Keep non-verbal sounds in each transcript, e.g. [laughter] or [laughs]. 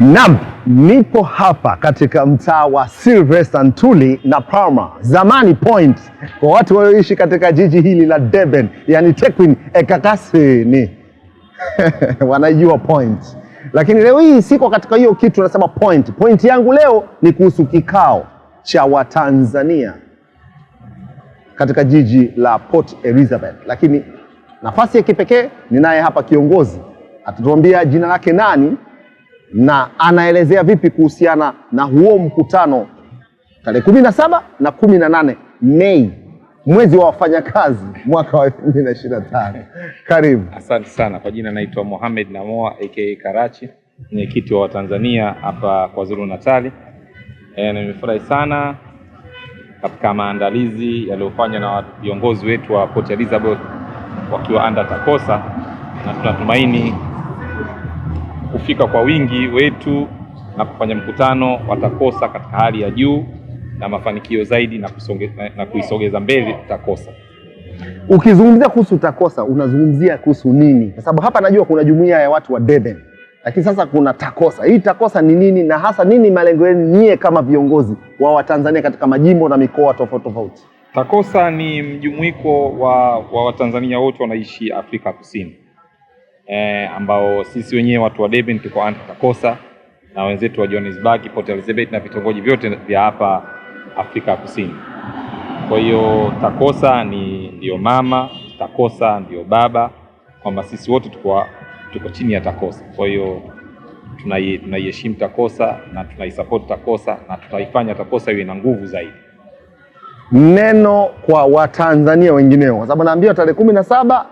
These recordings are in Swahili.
Naam, nipo hapa katika mtaa wa Silvester Ntuli na Palma, zamani Point, kwa watu walioishi katika jiji hili la Durban, yani Tekwin Ekakasini [laughs] wanajua Point, lakini leo hii siko katika hiyo kitu, nasema Point. Point yangu leo ni kuhusu kikao cha Watanzania katika jiji la Port Elizabeth, lakini nafasi ya kipekee ninaye hapa kiongozi, atatuambia jina lake nani na anaelezea vipi kuhusiana na huo mkutano tarehe kumi na saba na kumi na nane Mei mwezi wa wafanyakazi mwaka wa elfu mbili na ishirini na tano. Karibu. Asante sana. Kwa jina naitwa Mohamed Namoa aka Karachi, mwenyekiti wa Watanzania hapa KwaZulu Natali. E, nimefurahi sana katika maandalizi yaliyofanywa na viongozi wetu wa Port Elizabeth wakiwa anda TACOSA na tunatumaini kufika kwa wingi wetu na kufanya mkutano watakosa katika hali ya juu na mafanikio zaidi na, kusonge, na, na kuisogeza mbele utakosa Ukizungumzia kuhusu takosa unazungumzia kuhusu nini? Kwa sababu hapa najua kuna jumuiya ya watu wa Deben, lakini sasa kuna takosa Hii takosa ni nini na hasa nini malengo yenu nyie kama viongozi wa Watanzania katika majimbo na mikoa tofauti tofauti? TAKOSA ni mjumuiko wa Watanzania wote wanaishi Afrika Kusini eh, ambao sisi wenyewe watu wa Durban tuko takosa na wenzetu wa Johannesburg, Port Elizabeth na vitongoji vyote vya hapa Afrika Kusini. Kwa hiyo Takosa ni ndio mama, takosa ndio baba, kwamba sisi wote tuko tuko chini ya takosa Kwa hiyo tunaiheshimu takosa na tunaisapoti takosa na tutaifanya takosa iwe na nguvu zaidi. Neno kwa Watanzania wengineo, kwa sababu naambia tarehe kumi na saba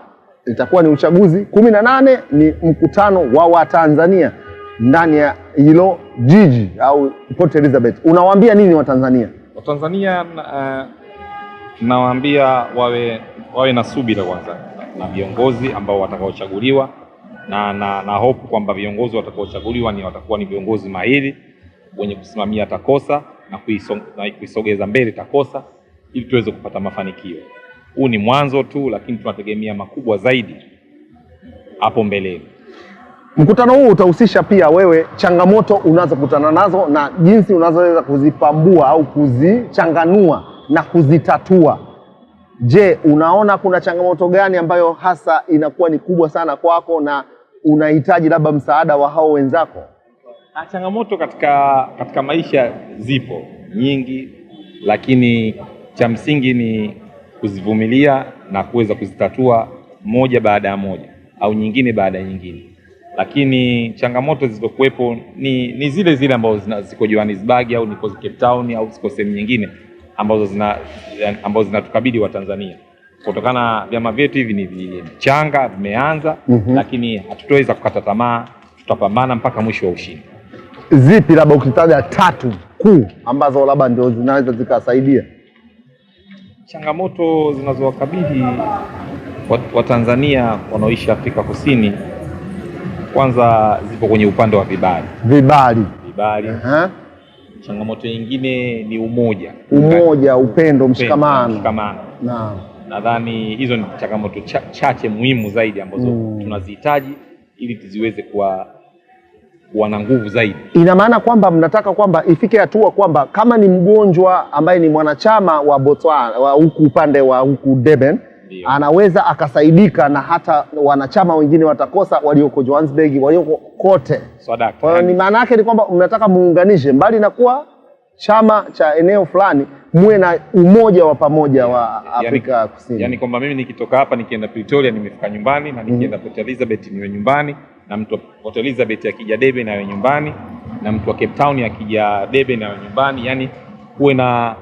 itakuwa ni uchaguzi, kumi na nane ni mkutano wa Watanzania ndani ya hilo jiji au Port Elizabeth. Unawaambia nini Watanzania? Watanzania uh, nawaambia wawe, wawe na subira kwanza na viongozi ambao watakaochaguliwa na, na, na hope kwamba viongozi watakaochaguliwa ni watakuwa ni viongozi mahiri wenye kusimamia takosa na kuisogeza mbele takosa ili tuweze kupata mafanikio. Huu ni mwanzo tu, lakini tunategemea makubwa zaidi hapo mbeleni. Mkutano huu utahusisha pia wewe changamoto unazokutana nazo na jinsi unazoweza kuzipambua au kuzichanganua na kuzitatua. Je, unaona kuna changamoto gani ambayo hasa inakuwa ni kubwa sana kwako na unahitaji labda msaada wa hao wenzako? Na ah, changamoto katika, katika maisha zipo nyingi, lakini cha msingi ni kuzivumilia na kuweza kuzitatua moja baada ya moja au nyingine baada ya nyingine, lakini changamoto zilizokuwepo ni, ni zile zile ambazo ziko Johannesburg au niko Cape Town au ziko sehemu nyingine ambazo zina ambazo zinatukabili Watanzania kutokana vyama vyetu hivi ni vichanga vimeanza, mm -hmm. Lakini hatutoweza kukata tamaa, tutapambana mpaka mwisho wa ushindi. Zipi labda ukitaja tatu kuu ambazo labda ndio zinaweza zikasaidia Changamoto zinazowakabili Watanzania wanaoishi Afrika Kusini kwanza zipo kwenye upande wa vibali vibali vibali. -huh. Changamoto nyingine ni umoja umoja, upendo, mshikamano, mshikamano. nadhani hizo ni changamoto cha, chache muhimu zaidi ambazo mm. tunazihitaji ili tuziweze kuwa wana nguvu zaidi. Ina maana kwamba mnataka kwamba ifike hatua kwamba kama ni mgonjwa ambaye ni mwanachama wa Botswana wa huku upande wa huku Durban anaweza akasaidika na hata wanachama wengine watakosa walioko Johannesburg, walioko kote. Kwa hiyo ni maana yake ni kwamba mnataka muunganishe, mbali na kuwa chama cha eneo fulani, muwe na umoja wa pamoja yeah, wa Afrika yani, Kusini, yaani kwamba mimi nikitoka hapa nikienda Pretoria nimefika nyumbani na nikienda mm -hmm. Port Elizabeth niwe nyumbani na mtu wa Port Elizabeth akija Deben awe nyumbani, na mtu wa Cape Town akija Deben awe nyumbani, yani kuwe na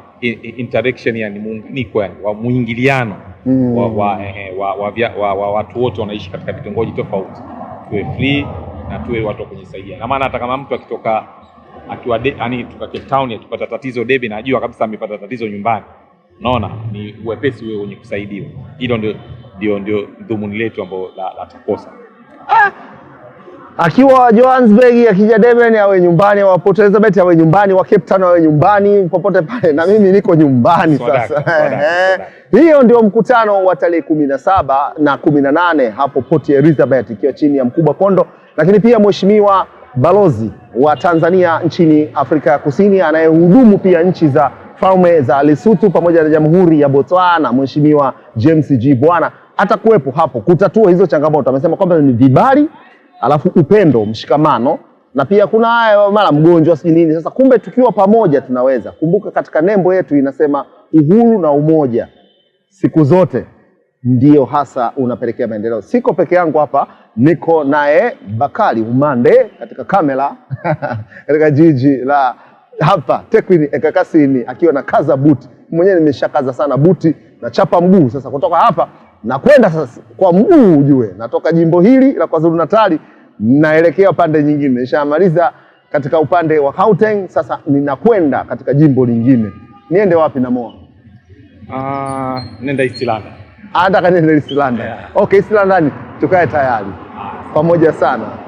interaction, yani muunganiko, yani wa muingiliano mm. wa, wa, eh, wa, wa, wa, wa watu wote wanaishi katika vitongoji tofauti, tuwe free na tuwe watu wa kujisaidia, na maana hata kama mtu akitoka akiwa yani kutoka Cape Town akipata tatizo Deben, najua kabisa amepata tatizo nyumbani. Naona ni uwepesi wewe wenye kusaidiwa. Hilo ndio ndio ndio dhumuni letu ambalo la, la TACOSA ah akiwa Johannesburg, akija Durban awe nyumbani, wa Port Elizabeth awe nyumbani, wa Cape Town awe nyumbani, popote pale, na mimi niko nyumbani sasa. Swadaka, swadaka. Hiyo ndio mkutano wa tarehe kumi na saba na kumi na nane hapo Port Elizabeth, ikiwa chini ya mkubwa Kondo, lakini pia mheshimiwa balozi wa Tanzania nchini Afrika ya Kusini anayehudumu pia nchi za falme za Lesotho pamoja na Jamhuri ya Botswana, mheshimiwa James G Bwana atakuwepo hapo kutatua hizo changamoto. Amesema kwamba ni vibali alafu upendo, mshikamano na pia kuna haya mara mgonjwa si nini. Sasa kumbe tukiwa pamoja tunaweza. Kumbuka katika nembo yetu inasema uhuru na umoja siku zote, ndio hasa unapelekea maendeleo. Siko peke yangu hapa, niko naye Bakari Umande katika kamera [laughs] katika jiji la hapa Tekwini Ekakasini, akiwa na kaza buti mwenyewe. Nimeshakaza sana buti na chapa mguu sasa kutoka hapa nakwenda sasa kwa mguu, ujue natoka jimbo hili la KwaZulu Natali naelekea pande nyingine, nishamaliza katika upande wa Gauteng, sasa ninakwenda katika jimbo lingine, niende wapi? moa? ah, nenda East London, anataka ah, nenda East Yeah. Okay, East ni tukae tayari ah. pamoja sana.